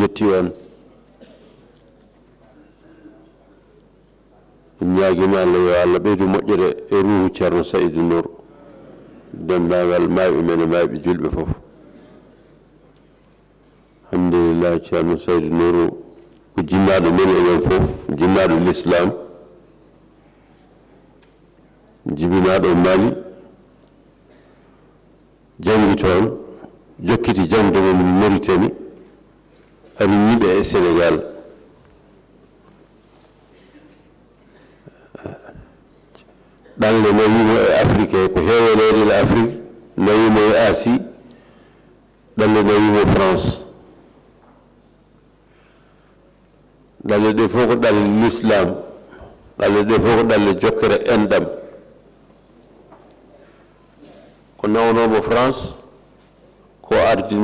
acıtıyor. ñaagima allah yo allah ɓeydu moƴƴere e ruhu ceerno saydou nour denndaangal maayɓe men e maayɓe julɓe fof alhamdulillah ceerno saydou nouru ko jinnaaɗo men enen fof jinnaaɗo l'islam jibinaaɗo mali janngi toon jokkiti jangde mon mauritanie Amini et Sénégal. Dans le monde africain, de Afrique de le dans le France dans de défaut dans l'islam de dans le endam ko France ko de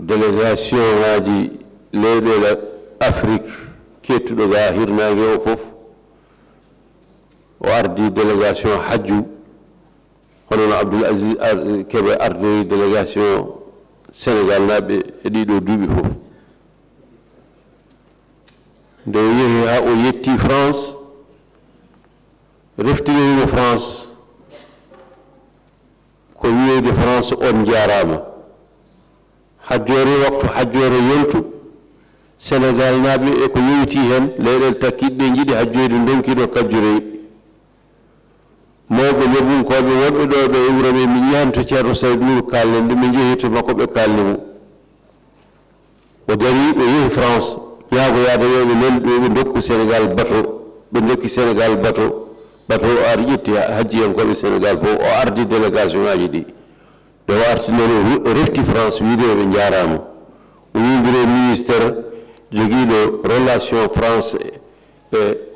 délégation ngaji qui afrique tout le hirnague o fof o délégation hajju abdoul délégation sénégal n'a e fof de o france de france ko de france on hajjore waktu hajjore yontu sénégal naaɓe e ko yowiti hen leyɗele takkiɗɗe jiiɗi hajjoyde donkiɗo kajjoreyi mawɓe lebunkoɓe wonɓe ɗo ɓe e wuuro me min ñahanto ceerno sawid mur kalnen nde min jehito makko ɓe kalnimo o dari ɓe yehi france ñaago yaada yoɓe nanɗu ɓe dokku sénégal bateau ɓe dokki sénégal bateau bateau o ar ƴetti hajjiyankoɓe sénégal fof o ardi délégation ŋaji ɗi لوارسنال ريكي فرانس ويدو بنجارام ويدري مينستر جيجيلو رولاسيون فرانس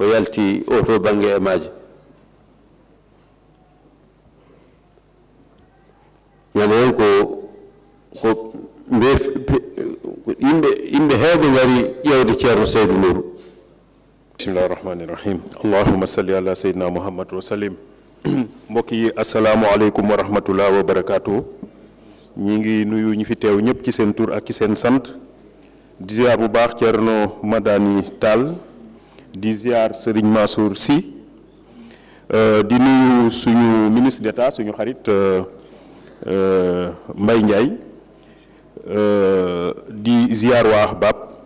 ويالتي اوتو بانجا ماج يعني انكو خب بيف ان هذا غري يود تشارو سيد نور بسم الله الرحمن الرحيم اللهم صل على سيدنا محمد وسلم مكي السلام عليكم ورحمه الله وبركاته ñi ngi nuyu ñu fi teew ñëpp ci seen tour ak ci seen sant di ziar bu baax Thierno Madani Tall di ziar Serigne Mansour Sy euh, di nuyu suñu ministre d'État suñu xarit euh, euh, Mbaye Ndiaye di ziar waa BAP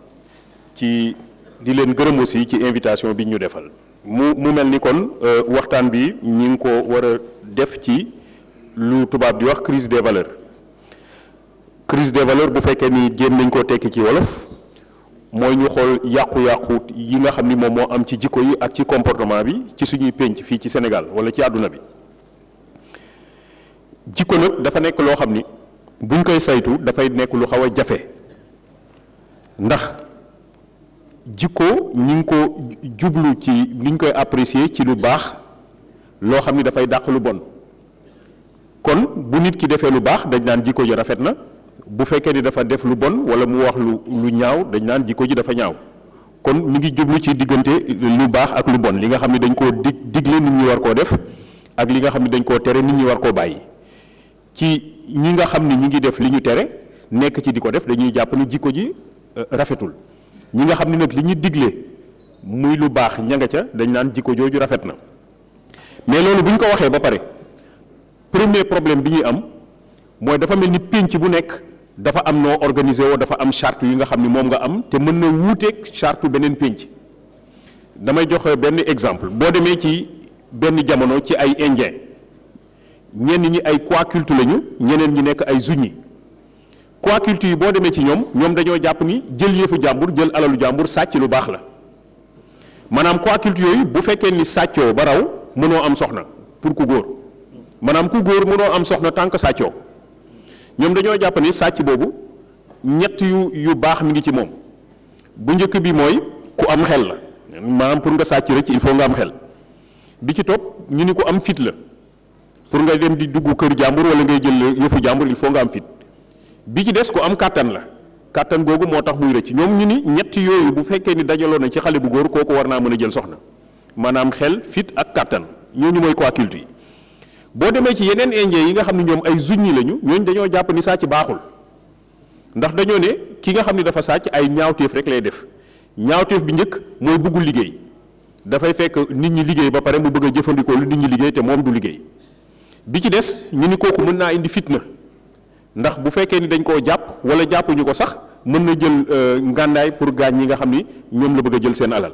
ci di leen gërëm aussi ci invitation bi ñu defal mu mu mel ni kon waxtaan bi ñi ngi ko war a def ci lu tubaab di wax crise des valeurs crise des valeurs bu fekkee ni jéem nañ koo tekki ci wolof mooy ñu xool yàqu-yàqu yi nga xam ni moom moo am ci jikko yi ak ci comportement bi ci suñuy pénc fii ci senegal wala ci àdduna bi jikko nag dafa nekk loo xam ni buñ koy saytu dafay nekk lu xaw a jafe ndax jikko ñu ngi ko jublu ci niñ koy apprécier ci lu baax loo xam ni dafay dàq lu bon kon bu nit ki defee lu baax dañ naan jikko ji rafet na bu fekkee ni dafa def lu bon wala mu wax lu lu ñaaw dañ naan jikko ji dafa ñaaw kon mu ngi jublu ci diggante lu baax ak lu bon li nga xam ne dañ koo dig digle nit ñi war koo def ak li nga xam ne dañ koo tere nit ñi war koo bàyyi ci ñi nga xam ni ñi ngi def li ñu tere nekk ci di ko def dañuy jàpp ni jikko ji euh, rafetul ñi nga xam ne nag li ñu digle muy lu baax ña nga ca dañ naan jikko jooju rafet na mais loolu bu ñu ko waxee ba pare premier problème bi ñuy am mooy dafa mel ni pénc bu nekk dafa am noo organisé woo dafa am charte yi nga xam ni moom nga am te mën na wuuteeg charte beneen pénc damay joxe benn exemple boo demee ci benn jamono ci ay indien ñenn ñi ay Kwakultu lañu ñeneen ñi nekk ay Zuni Kwakultu yi boo demee ci ñoom ñoom dañoo jàpp ni jël yëfu jàmbur jël alalu jàmbur sàcc lu baax la maanaam Kwakultu yooyu bu fekkee ni sàccoo ba raw mënoo am soxna pour ku góor maanaam ku góor mënoo am soxna tant que sàccoo ñoom dañoo jàppani sàcc boobu ñett yu yu baax mi ngi ci moom bu njëkk bi mooy ku am xel la maam pour nga sàcc rek il faut nga am xel bi ci topp ñu ni ku am fit la pour nga dem di dugg kër jàmbur wala ngay jël yëfu jàmbur il faut nga am fit bi ci des ku am kàttan la kàttan googu moo tax muy rëcc ñoom ñu ni ñett yooyu bu fekkee ni dajaloon na ci xale bu góor kooku war naa mën a jël soxna maanaam xel fit ak kàttan ñooñu mooy ko occulte yi boo demee ci yeneen indien yi nga xam ne ñoom ay zuññi lañu ñooñu dañoo jàpp ni sàcc baaxul ndax dañoo ne ki nga xam ne dafa sàcc ay ñaawteef rek lay def ñaawteef bi njëkk mooy buggul liggéey dafay fekk nit ñi liggéey ba pare mu bëgg a jëfandikoo lu nit ñi liggéey te moom du liggéey bi ci des ñu ni kooku mën naa indi na ndax bu fekkee ni dañ koo jàpp wala jàppuñu ko sax mën na jël euh, ngàndaay pour gaañ ñi nga xam ni ñoom la bëgg a jël seen alal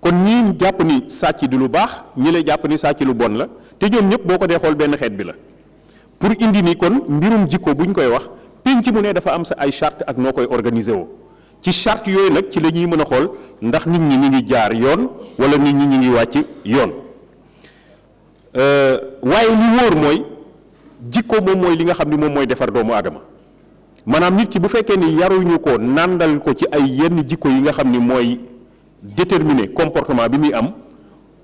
kon ñii jàpp ni sàcc lu baax ñi lay jàpp ni sàcc lu bon la te ñoom ñëpp boo ko dee xool benn xeet bi la pour indi ni kon mbirum jikko bu ñu koy wax penc mu ne dafa am sa ay charte ak noo koy organiser woo ci charte yooyu nag ci la ñuy mën a xool ndax nit ñi ñu ngi jaar yoon wala nit ñi ñu ngi wàcc yoon euh, waaye li wóor mooy jikko moom mooy li nga xam ni moom mooy defar doomu aadama maanaam nit ki bu fekkee ni yaruñu ko nàndal ko ci ay yenn jikko yi nga xam ni mooy déterminer comportement bi muy am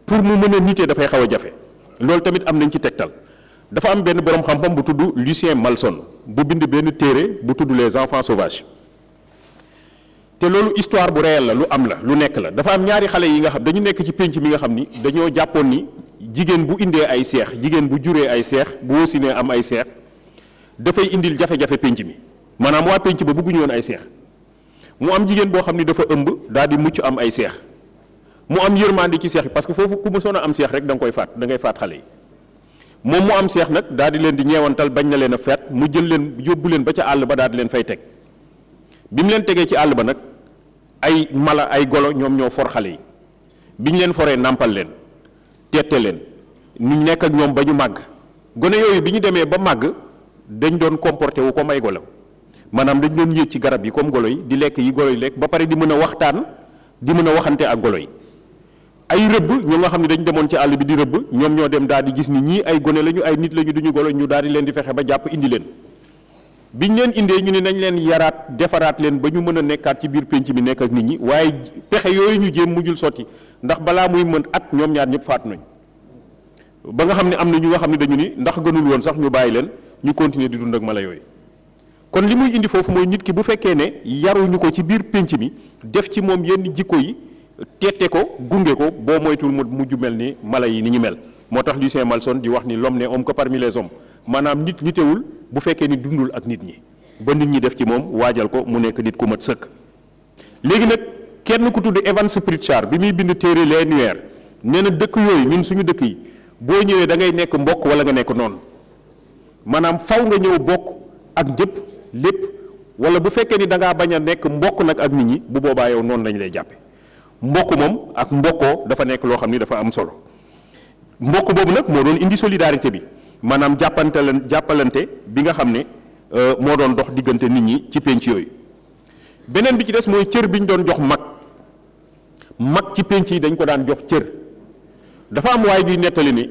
pour mu mën a nitee dafay xaw a jafe loolu tamit am nañ ci tegtal dafa am benn borom bu Lucien Malson bu bind benn téere bu les enfants sauvages te loolu histoire bu réel la lu am la lu nekk la dafa am ñaari xale yi nga xam dañu nekk ci pénc mi nga ni ni bu ay bu am ay indil jafe-jafe pénc mi maanaam waa pénc ba am mu am yermandi ci cheikh parce que fofu ku am cheikh rek dang koy fat da ngay fat xale mom mu am cheikh nak dal di len di ñewantal bañ na len a mu jël len yobul len ba ca all ba dal di len fay tek bimu len tege ci all ba nak ay mala ay golo ñom ñoo for xale biñ len foré nampal len tété len ñu nekk ak ñom bañu mag gone yoyu biñu démé ba mag dañ doon comporté wu ko ay golo manam dañ doon yé ci garab yi comme golo yi di lek yi golo yi lek ba paré di mëna waxtaan di mëna waxanté ak golo yi ay rëbb ñoo nga xam ne dañ demoon ci àll bi di rëbb ñoom ñoo dem daal di gis ni ñii ay gone lañu ay nit lañu duñu golo ñu daal di leen di fexe ba jàpp indi leen biñ leen indee ñu ne nañ leen yaraat defaraat leen ba ñu mën a nekkaat ci biir pénc mi nekk ak nit ñi waaye pexe yooyu ñu jéem mujjul sotti ndax balaa muy mën at ñoom ñaar ñëpp faat nañ ba nga xam ne am na ñu nga xam ne dañu ni ndax gënul woon sax ñu bàyyi leen ñu continuer di dund ak mala yooyu kon li muy indi foofu mooy nit ki bu fekkee ne yaruñu ko ci biir pénc mi def ci moom yenn jikko yi teete ko gunge ko boo moytul mu mujj mel ni mala yi ni ñu mel moo tax Lucien Malson di wax ni l'homme n'est homme que parmi les hommes maanaam nit nitewul bu fekkee ni dundul ak nit ñi ba nit ñi def ci moom waajal ko mu nekk nit ku mat sëkk léegi nag kenn ku tudd Evans Pritchard bi muy bind téere l'annuaire nee na dëkk yooyu ñun suñu dëkk yi boo ñëwee dangay ngay nekk mbokk wala nga nekk noonu maanaam faw nga ñëw bokk ak ñëpp lépp wala bu fekkee ni da ngaa bañ a nekk mbokk nag ak nit ñi bu boobaa yow noonu lañ lay jàppe mbokk moom ak mbokkoo dafa nekk loo xam ni dafa am solo mbokk boobu nag moo doon indi solidarité bi maanaam jàppantelen jàppalante bi nga xam ne euh, moo doon dox diggante nit ñi ci pénc yooyu beneen bi ci des mooy cër bi ñu doon jox mag mag ci pénc yi dañ ko daan jox cër dafa am waay juy nettali ni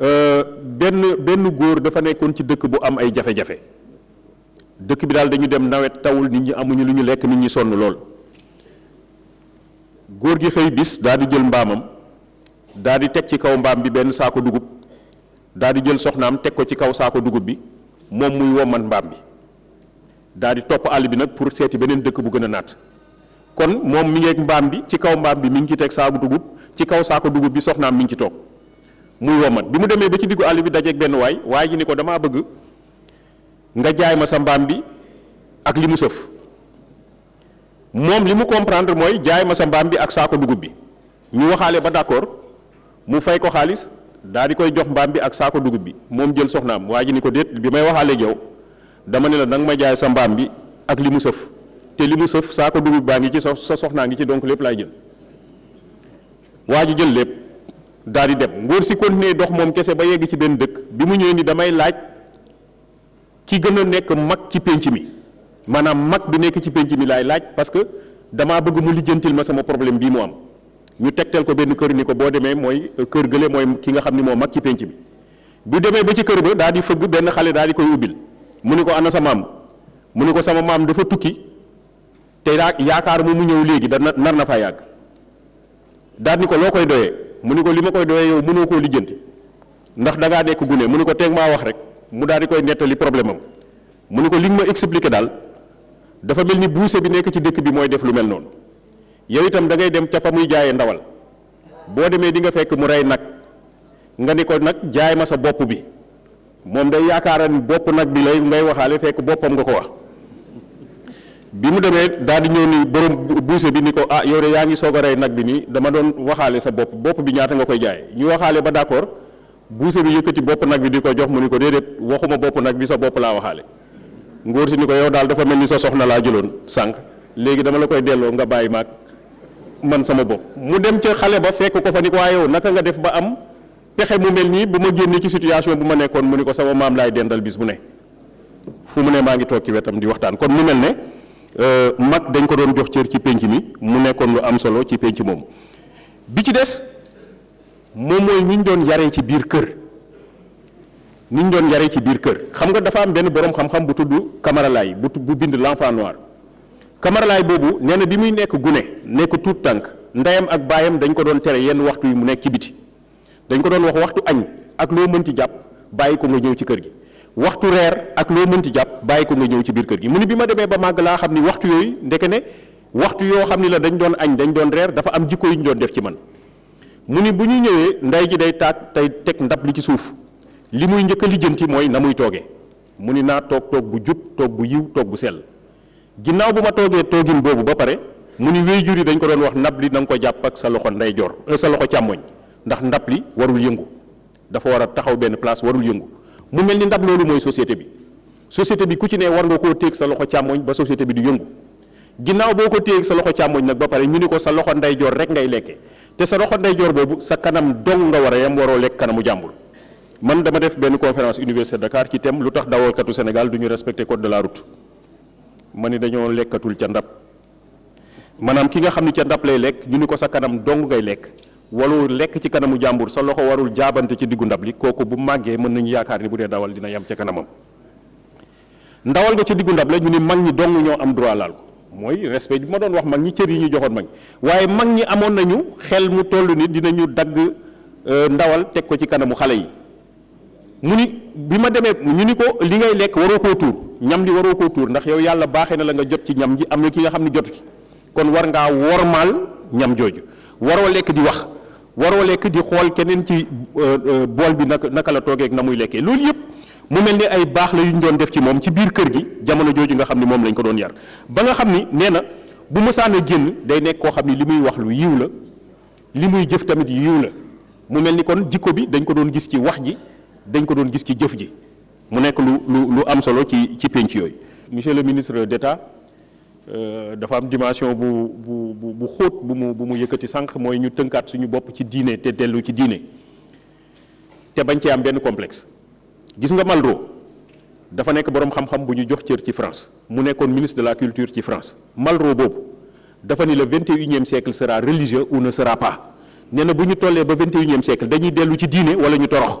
euh, benn benn góor dafa nekkoon ci dëkk bu am ay jafe-jafe dëkk bi daal dañu dem nawet tawul nit ñi amuñu lu ñu lekk nit ñi sonn lool góor gi xëy bis daa di jël mbaamam daa di teg ci kaw mbaam bi benn saako dugub daa di jël soxnaam teg ko ci kaw saako dugub bi moom muy womman mbaam bi daa di topp àll bi nag pour seeti beneen dëkk bu gën a naat kon moom mu ngi mbaam bi ci kaw mbaam bi mi ngi ci teg saako dugub ci kaw saako dugub bi soxnaam mi ngi ci toog muy womman bi mu demee ba ci diggu àll bi dajeeg benn waay waay ji ni ko damaa bëgg nga jaay ma sa mbaam bi ak li mu sëf moom li mu comprendre mooy jaay ma sa mbaam bi ak saako dugub bi ñu waxaale ba d'accord mu fay ko xaalis daal di koy jox mbaam bi ak saako dugub bi moom jël soxnaam waa ji ni ko déet bi may waxaale yow dama ne la nanga ma jaay sa mbaam bi ak li mu sëf te li mu sëf saako dugub baa ngi ci sa sa soxnaa ngi ci donk lépp laay jël waa ji jël lépp daal di dem ngóor si continuer dox moom kese ba yegg ci benn dëkk bi mu ñëwee ni damay laaj ki gën a nekk mag ci pénc mi manam mag bi nek ci penc mi lay laaj parce que dama bëgg mu lijeentil ma sama problème bi mu am ñu tektel ko benn kër ni ko boo demee mooy euh, kër gële mooy ki nga xam ni moo mag ci penc mi bu demee ba ci kër ba daal di fëgg benn xale daal di koy ubbil mu ni ko ana sa maam mu ni ko sama maam dafa tukki te daa yaakaar mu mu ñëw léegi da nar na faa yàgg daal di ko loo koy doyee mu ni ko li ma koy doyee yow mënoo koo lijjanti ndax da ngaa nekk gune mu ni ko teeg maa wax rek mu daal di koy nettali problème am mu ni ko li ma expliqué daal dafa mel ni buuse bi nekk ci dëkk bi mooy def lu mel noonu yow itam da ngay dem ca fa muy jaayee ndawal boo demee di nga fekk mu rey nag nga ne ko nag jaay ma sa bopp bi moom day yaakaara ni bopp nag bi lay ngay waxaale fekk boppam nga ko wax bi mu demee daal di ñëw ni borom buuse bi ni ko ah yow yaa ngi soog a rey nag bi nii dama doon waxaale sa bopp bopp bi ñaata nga koy jaay ñu waxaale ba d'accord buuse bi yëkkati bopp nag bi di ko jox mu ni ko déedéet waxuma bopp nag bi sa bopp laa waxaale ngóor si ni ko yow daal dafa mel ni sa soxna laa jëloon sànq léegi dama la koy delloo nga bàyyi maag man sama bopp mu dem ca xale ba fekk ko fa naka nga def ba am pexe mu mel nii bu ma génnee ci situation bu ma nekkoon mu ni ko sama maam laay dendal bis bu ne fu mu ne maa ngi toog ci wetam di waxtaan kon mu mel ne euh, mag dañ ko doon jox cër ci pénc mi mu nekkoon lu am solo ci pénc moom bi ci des moom mooy ñi ñu doon yaree ci biir kër ni ñu doon yaree ci biir kër xam nga dafa am benn borom xam-xam bu tudd kamaralaay bu bu bind l'enfant noir kamaralaay boobu nee bi muy nekk gune nekk tuut tànk ndeyam ak baayam dañ ko doon tere yenn waxtu yi mu nekk ci biti dañ ko doon wax waxtu añ ak loo mënti jàpp bàyyi ko nga ñëw ci kër gi waxtu reer ak loo mënti jàpp bàyyi ko nga ñëw ci biir kër gi mu ni bi ma demee ba màgg laa xam ni waxtu yooyu ndeke ne waxtu yoo xam ni la dañ doon añ dañ doon reer dafa am jikko yu ñu doon def ci man mu ni bu ñuy ñëwee ndey ji day taat tey teg ndab li ci suuf li muy njëkk a lijjanti mooy na muy toogee mu ni naa toog toog bu jub toog bu yiw toog bu sell ginnaaw bu ma toogee toogin boobu ba pare mu ni wéy jur yi dañ ko doon wax ndab li na nga ko jàpp ak sa loxo ndeyjoor euh, sa loxo càmmoñ ndax ndab li warul yëngu dafa war a taxaw benn place warul yëngu mu mel ni ndab loolu mooy société bi société bi ku ci ne war nga koo téeg sa loxo càmmoñ ba société bi du yëngu ginnaaw boo ko téeg sa loxo càmmoñ nag ba pare ñu ni ko sa loxo ndeyjoor rek ngay lekke te sa loxo nday ndeyjoor boobu sa kanam dong nga war a yam waroo lekk kanamu jàmbur man dama def benn conférence université Dakar ci tem lu tax dawalkatu Sénégal du ñu respecté code de la ma ni dañoo lekkatul ca ndab maanaam ki nga xam ni ca ndab lay lekk ñu ni ko sa kanam dong ngay lekk walu lekk ci kanamu jàmbur sa loxo warul jaabante ci diggu ndab li kooku bu màggee mën nañu yaakaar ni bu dee dawal dina yem ca kanamam ndawal nga ca diggu ndab la ñu ni mag ñi dong ñoo am droit laal ko mooy respect bi ma doon wax mag ñi cër yi ñu joxoon mag waaye mag ñi amoon nañu xel mu toll ni dinañu dagg euh, ndawal teg ko ci kanamu xale yi mu ni bi ma demee ñu ni ko li ngay lekk waroo koo tuur ñam li waroo koo tuur ndax yow yàlla baaxee na la nga jot ci ñam ji am na ki nga xam ne jotu ci kon war ngaa wormaal ñam jooju waroo lekk di wax waroo lekk di xool keneen ci euh, euh, bool bi naka naka la toogeek na muy lekkee loolu yëpp mu mel ne ay baax la yu ñu doon def ci moom ci biir kër gi jamono jooju nga xam ni moom lañ ko doon yar ba nga xam ni nee na bu mësaan a génn day nekk koo xam ni li muy wax lu yiw la li muy jëf tamit yiw la mu mel ni kon jikko bi dañ ko doon gis ci wax ji dañ ko doon gis ci jëf ji mu nekk lu lu lu am solo ci ci pénc yooyu. monsieur le ministre d'État euh, dafa am dimension bu bu bu bu xóot bu mu bu mu yëkkati sànq mooy ñu tënkaat suñu bopp ci diine te dellu ci diine te bañ cee am benn complex gis nga Malraux dafa nekk boroom xam-xam bu ñu jox cër ci France mu nekkoon ministre de la culture ci France Malraux boobu dafa ni le vingt et unième siècle sera religieux ou ne sera pas nee bu ñu tollee ba vingt et unième siècle dañuy dellu ci diine wala ñu torox.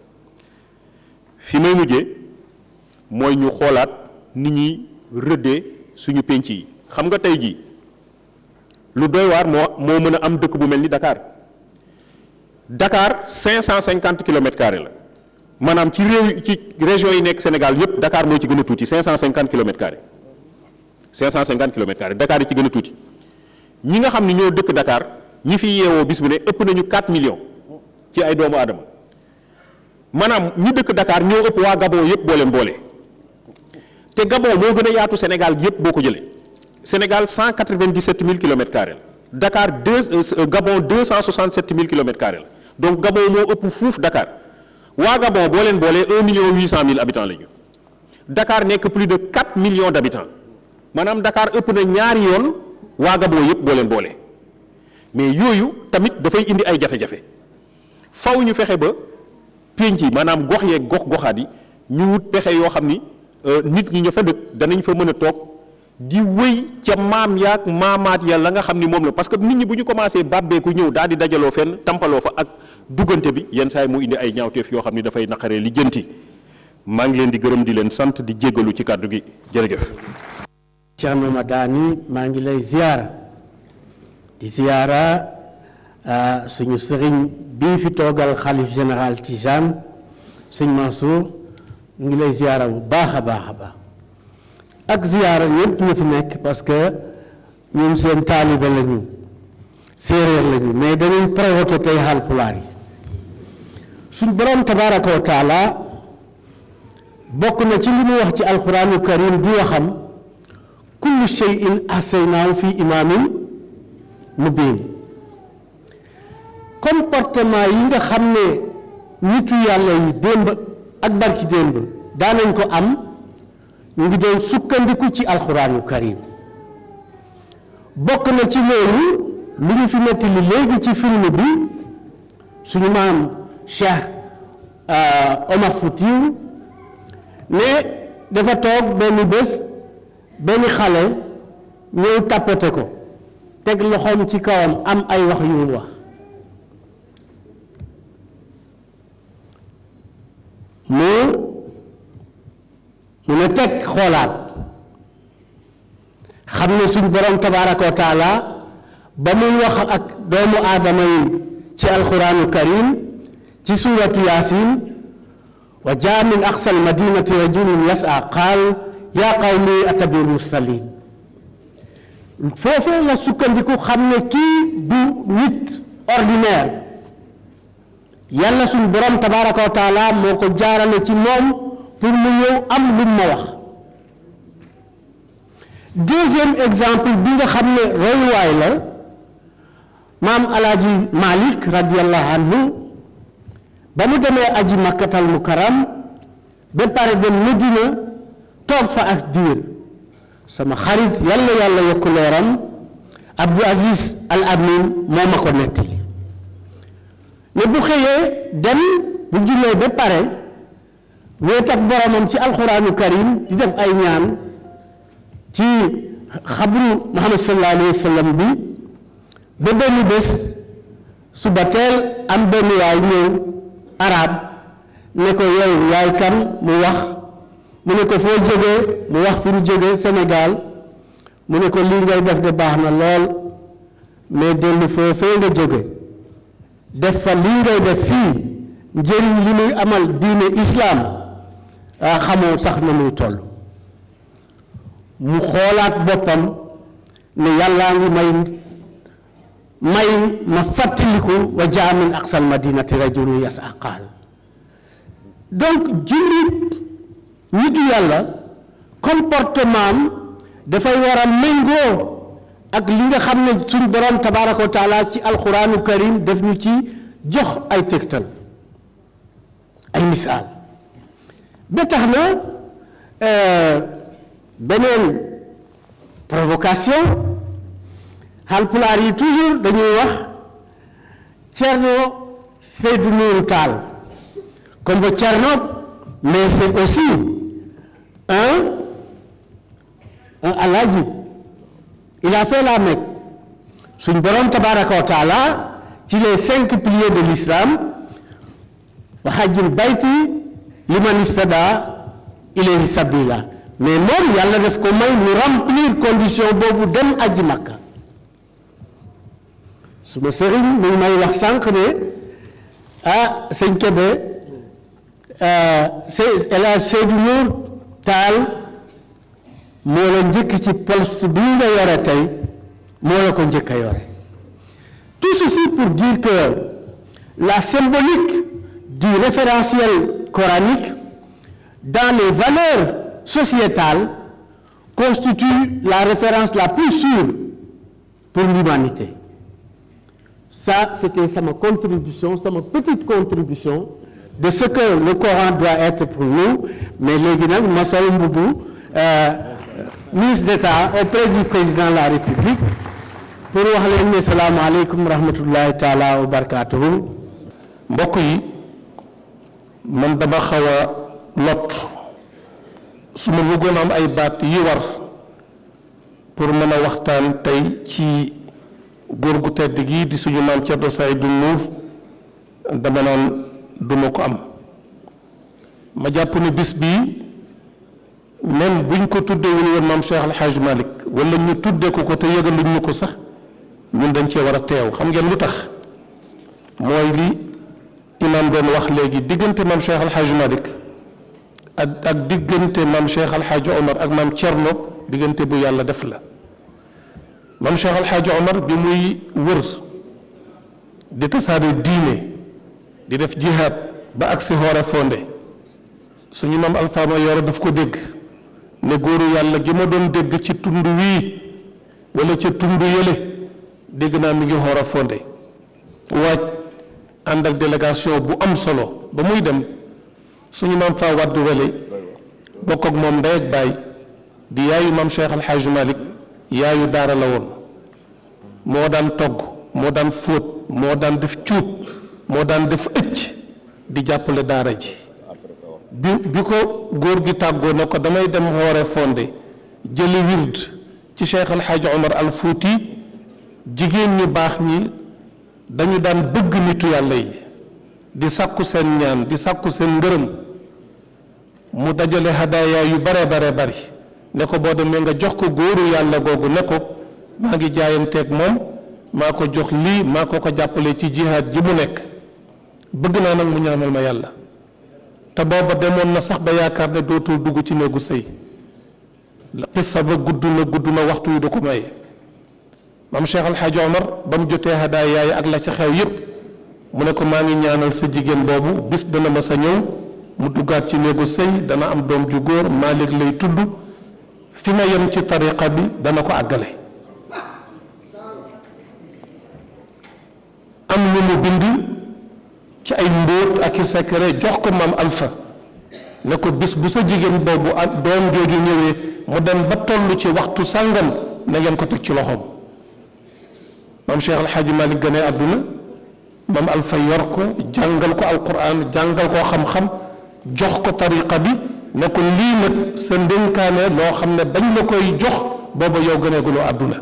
fi may mujjé mooy ñu xoolaat ni ñi rëddee suñu penc yi xam nga tey jii lu doy waar moo moo mën a am dëkk bu mel ni Dakar Dakar 550 km carrés la maanaam ci réew ci région yi nekk Sénégal yépp Dakar moo ci gën a tuuti 550 km carrés 550 km carrés Dakar yi ci gën a tuuti ñi nga xam ñoo dëkk Dakar ñi fi yeewoo bis bu ne ëpp nañu 4 millions ci ay doomu aadama nous ñu dëkk Dakar ñoo ëpp waa Gabon yëpp boo leen boole te Gabon moo gën a yaatu Sénégal yëpp boo ko jëlee Sénégal 197 000 km2. Dakar euh, Gabon 267 000 km2. donc Gabon moo ëpp fuuf Dakar waa Gabon boo leen boole 1 800 000 habitants la ñu Dakar nekk plus de 4 millions d' habitants maanaam Dakar ëpp na ñaari yoon waa Gabon yëpp boo leen boole mais yooyu tamit dafay indi ay jafe-jafe faw ñu fexe ba. pénc ci maanaam gox yeeg gox goxaat yi ñu wut pexe yoo xam ni euh, nit ñi ña fa dëkk danañ fa mën a toog di wéy ca maam yaak maamaat ya la nga xam ni moom la parce que nit ñi bu ñu commencé bàbbeeku ñëw daal di dajaloo fenn tampaloo fa ak duggante bi yenn saa yi mu indi ay ñaawteef yoo xam ni dafay naqaree li jënti maa ngi leen di gërëm di leen sant di jéggalu ci kàddu gi jërëjëf. Thierno Madani maa ngi lay ziyaara di ziyaara suñu sëriñ bii fi toogal xalif général Tijane sëñ Mansour ñu ngi lay ziyaara bu baax a baax a baax ak ziyaara ñëpp ñu fi nekk parce que ñun seen taaliba lañu séeréer lañu mais dañuy provoqué tey Haalpulaar yi suñ borom tabaaraka wa taala bokk na ci li mu wax ci alquraanu karim di waxam kullu shay'in ahsaynaahu fi imaamin mubiin comportement yi nga xam ne nitu yàlla yi démb ak barki démb daanañ ko am mu ngi doon sukkandiku ci alxuraanu karim bokk na ci loolu lu ñu fi metti li léegi ci film bi suñu maam Cheikh euh, Omar Foutiou ne dafa toog benn bés benn xale ñëw tàppate ko teg loxoom ci kawam am ay wax yu wax mu mu ne teg xoolaat xam ne suñ borom wa taala ba muy wax ak doomu aadama yi ci alquraanul karim ci suuratu yaasin wa jaa min aqsal madinati rajulun yas'a qaal yaa qawmi atabiul mursalin foofee la sukkandiku xam ne kii du nit ordinaire yàlla suñ borom tabaraka wa taala moo ko jaarale ci moom pour mu ñëw am lu ma wax deuxième exemple bi nga xam ne royuwaay la maam alaaji malik radiallahu anhu ba mu demee aji makkatal mukaram ba pare dem medina toog fa ak diir sama xarit yàlla yàlla yokku leeram abdou aziz al amin moo ma ko nettali mais bu xëyee dem bu jullee ba pare wéet ak boromam ci alxuraanu karim di def ay ñaan ci xabru muhammad sallallahu alayhi wa sallam bi ba benn bés suba teel am benn yaay ñëw arab ne ko yow yaay kan mu wax mu ne ko foo jógee mu wax fi mu jógee Sénégal mu ne ko lii ngay def de baax na lool mais dellu foofee nga jóge def fa lii ngay def fii njëriñ li muy amal diine islaam ah, xamoo sax na muy toll mu xoolaat boppam ne yàllaa ngi may may ma fàttaliku wa jaa min madinati rajulun yas'a qaal donc jullit nitu yàlla comportement am dafay war a ak li nga xam ne suñ borom tabaraka wa taala ci alquranu karim def ñu ci jox ay tegtal ay misaal ba tax euh, beneen provocation halpulaar yi toujours dañuy wax Thierno Seydou Nourou Tall comme ba mais c'est aussi un il a fait la Mecque suñ borom tabaraka wa taala ci les cinq piliers de l'islam wa hajjul bayti liman istada ilayhi sabila mais moom yalla def ko may ni remplir condition bobu dem aji makka su serigne sëriñ mu ngi may wax sànq ne ah sëñ Kébé c'est euh, Hadj Seydou Nour tout ceci pour dire que la symbolique du référentiel coranique dans les valeurs sociétales constitue la référence la plus sûre pour l'humanité. Ça, c'était ma contribution, c'est ma petite contribution de ce que le Coran doit être pour nous. Mais les Guinéens, Massalou Mboubou, euh, ministre d'État auprès du président la République pour wax leen ne salaamaaleykum rahmatullahi taala wa barakaatuhu mbokk yi man dama xaw a lot su ma bëggoon am ay baat yi war pour mën a waxtaan tey ci góor gu tedd gi di suñu maam Thierno Seydou Nour dama naan duma ko am ma jàpp ne bis bii même buñ ko tuddewul woon maam Cheikh Al Hadj Malick wala ñu tudde ko ko te yëgaluñ ñu ko sax ñun dañ cee war a teew xam ngeen lu tax mooy li imam doon wax léegi diggante maam Cheikh Al Hadj Malick ak ak diggante maam Cheikh Al Hadj Omar ak maam Thierno diggante bu yàlla def la maam Cheikh Al Hadj Omar bi muy wër di tasaare diine di def jihaad ba ak si Horefonde suñu maam Alpha Mayoro daf ko dégg. ne góoru yàlla gi ma doon dégg ci tund wii wala ca tund yële dégg naa mi ngi xoor a fonde waaj ànd ak délégation bu am solo ba muy dem suñu maam faa wàddu bokk ak moom ndey ak baay di yaayu maam Cheikh Al Hadj Malick yaayu daara la woon moo daan togg moo daan fóot moo daan def cuub moo daan def ëcc di jàppale daara ji bi bi ko góor gi tàggoo ne ko damay dem Hoore fonde jëli wird ci Cheikh El Hadj Omar Al Fouti jigéen ñi baax ñi dañu daan bëgg nitu yàlla yi di sàkku seen ñaan di sàkku seen ngërëm mu dajale hadaaya yu bare bare bari ne ko boo demee nga jox ko góoru yàlla googu ne ko maa ngi jaayanteeg moom maa ko jox lii maa ko ko jàppale ci jihaad ji mu nekk bëgg naa nag mu ñaanal ma yàlla te booba demoon na sax ba yaakaar ne dootul dugg ci néegu sëy xissa ba gudd na gudd na waxtu yu du ko may mam Cheikh Al Hadj Omar ba mu jotee hadaay yaay ak la ci xew yépp mu ne ko maa ngi ñaanal sa jigéen boobu bis dana ma sa ñëw mu duggaat ci néegu sëy dana am doom ju góor Malick lay tudd fi ma yem ci tariqa bi dana ko àggale am lu mu bind ci ay mbóot ak i secret jox ko maam Alpha ne ko bis bu sa jigéen boobu ak doom jooju ñëwee mu dem ba toll ci waxtu sàngam na ko teg ci loxoom maam Cheikh Al Hadj gën gane àdduna maam Alpha yor ko jàngal ko Alquran jàngal ko xam-xam jox ko tariqa bi ne ko lii nag sa ndénkaane loo xam ne bañ la koy jox booba yow gëneeguloo àdduna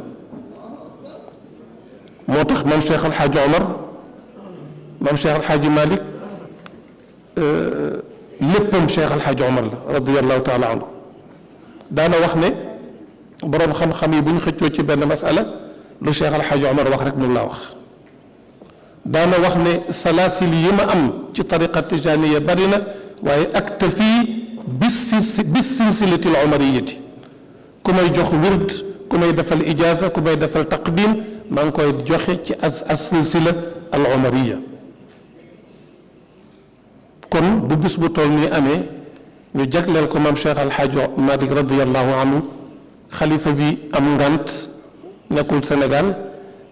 moo tax maam Cheikh Al Hadj Omar. مام شيخ الحاج مالك لبم شيخ الحاج عمر رضي الله تعالى عنه دانا وخني بروم خم خمي بن خيتو تي بن مساله لو الحاج عمر وخرك من مولا واخ دانا وخني سلاسل يما ام تي طريقه تجانيه برنا واي اكتفي بالسلسله العمريه كما يجوخ ورد كوماي دفل اجازه كوماي دفل تقديم مانكوي جوخي تي السلسله العمريه kon bu bis bu toll nii amee ñu jagleel ko maam Cheikh Al Hadj Malick radiyallahu xalifa bi am ngant nekkul senegal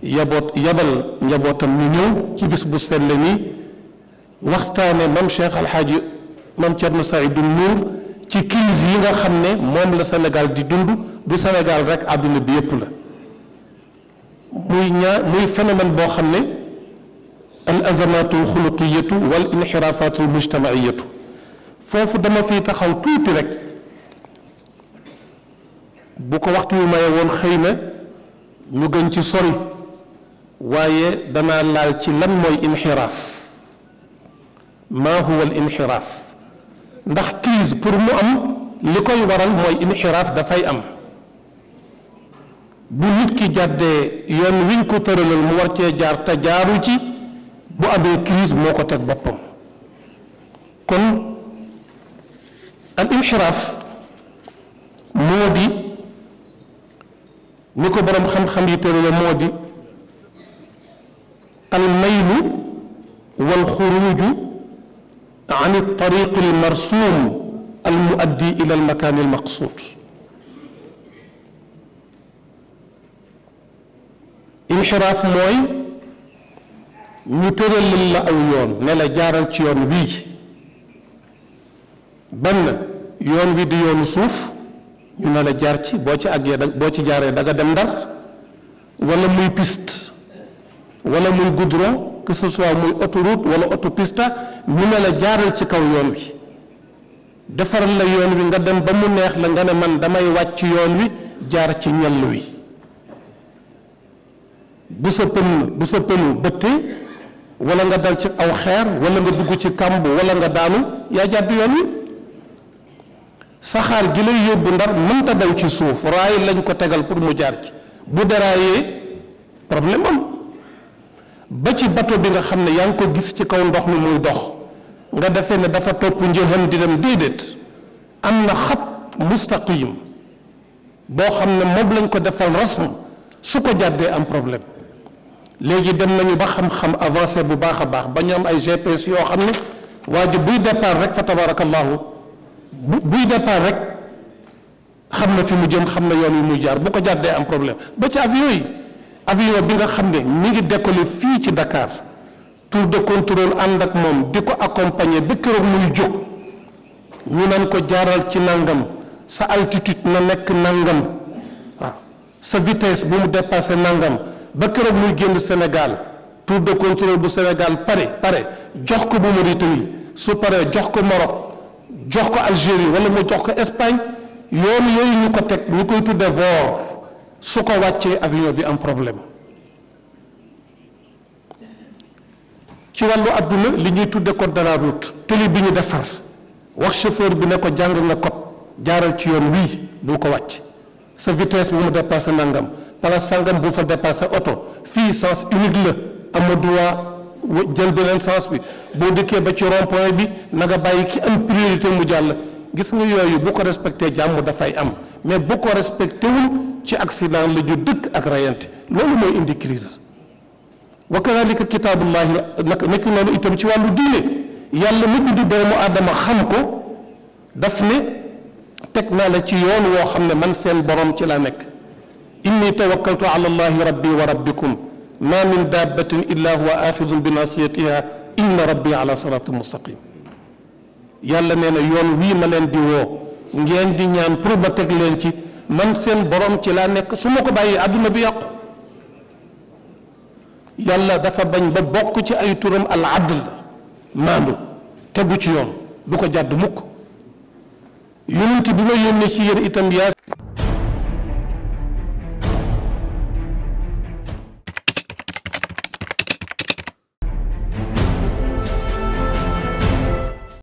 yaboot yabal njabootam ñu ñëw ci bis bu sell ni waxtaane mam Cheikh Al Hadj maam Thierno Seydou Nour ci crise yi nga xam ne moom la senegal di dund du senegal rek àdduna bi yépp la muy ñaa boo xam ne. الازمات الخلقيه والانحرافات المجتمعيه فوف دما في تخاو توتي رك بوكو وقت ما يوان خيمة نو غن تي سوري وايي دما لال تي لان موي انحراف ما هو الانحراف ndax crise pour mu am li koy waral mooy inxiraaf dafay am bu nit ki jàddee yoon wiñ ko tëralal mu war cee jaar te jaaru ci bu amé crise moko tek teg kon al inhiraf modi niko borom xam-xam yi tere moo di al mayl wal khuruj an الطريق المرسوم المؤدي إلى المكان المقصود انحراف mooy ñu tëralal la aw yoon ne la jaaral ci yoon wii benn yoon wi di yoonu suuf ñu ne la jaar ci boo ci àggee boo ci jaaree da nga dem ndar walla muy piste wala muy goudron que ce soit muy autoroute wala autopiste ñu ne la jaaral ci kaw yoon wi defaral la yoon wi nga dem ba mu neex la nga ne man damay wàcc yoon wi jaar ci ñell wi bu sa pën bu sa pënu bëttee wala nga dal ci aw xeer wala nga dugg ci kàmb wala nga daanu yaa jàdd yoon wi saxaar gi lay yóbbu ndar mënta daw ci suuf raay lañ ko tegal pour mu jaar ci bu déraillé problème am ba ci bato bi nga xam ne yaa ngi ko gis ci kaw ndox mi muy dox nga defee ne dafa topp njëxam di dem déedéet am na xat mustaqim boo xam ne moom lañ ko defal rasm su ko jàddee am problème léegi dem nañu ba xam-xam avancé bu baax a baax ba ñu am ay GPS yoo xam ne waa ji buy départ rek fa tabarakallahu buy départ rek xam na fi mu jëm xam na yoon yi muy jaar bu ko jaar day am problème ba ci avion yi avion bi nga xam ne mi ngi décollé fii ci Dakar tour de contrôle ànd ak moom di ko accompagner ba këram muy jóg ñu nan ko jaaral ci nangam sa altitude na nekk nangam waaw sa vitesse bu mu dépassé nangam. ba keroog muy génn Sénégal tour de contrôle bu Sénégal pare pare jox ko bu Mauritanie su paree jox ko Maroc jox ko Algérie wala mu jox ko Espagne yoon yooyu ñu ko teg ñu koy tuddee VOR su ko wàccee avion bi am problème ci wàllu àdduna li ñuy tuddee code de la route bi ñu defar wax chauffeur bi ne ko jàng nga code jaaral ci yoon wii bul ko wàcc sa vitesse bu mu dépassé nangam. place sangam bu fa dépassé oto fii sens unique la a droit jël beneen sens bi boo dikkee ba ci rond bi na nga bàyyi ki am mu jàll gis nga yooyu bu ko respecté jàmm dafay am mais bu ko respecté wul ci accident la ju dëkk ak rayante loolu mooy indi crise wa kadalika kitaabullahi nag nekk noonu itam ci wàllu diine yàlla mu bind doomu aadama xam ko daf ne teg naa la ci yoon woo xam ne man seen borom ci laa nekk إني توكلت على الله ربي وربكم ما من دابة إلا هو آخذ بناصيتها إن ربي على صراط مستقيم يالا نينا يون وي مالين دي وو نين دي نيان بروباتيك لين سي مام سين بوروم سي لا نيك سوموكو باي ادنا بي يق يالا دا فا باغ با بوك سي اي تورم العدل مانو تيغو سي يون دوكو جاد موك يونتي بيما يوني سي يير ايتام ياس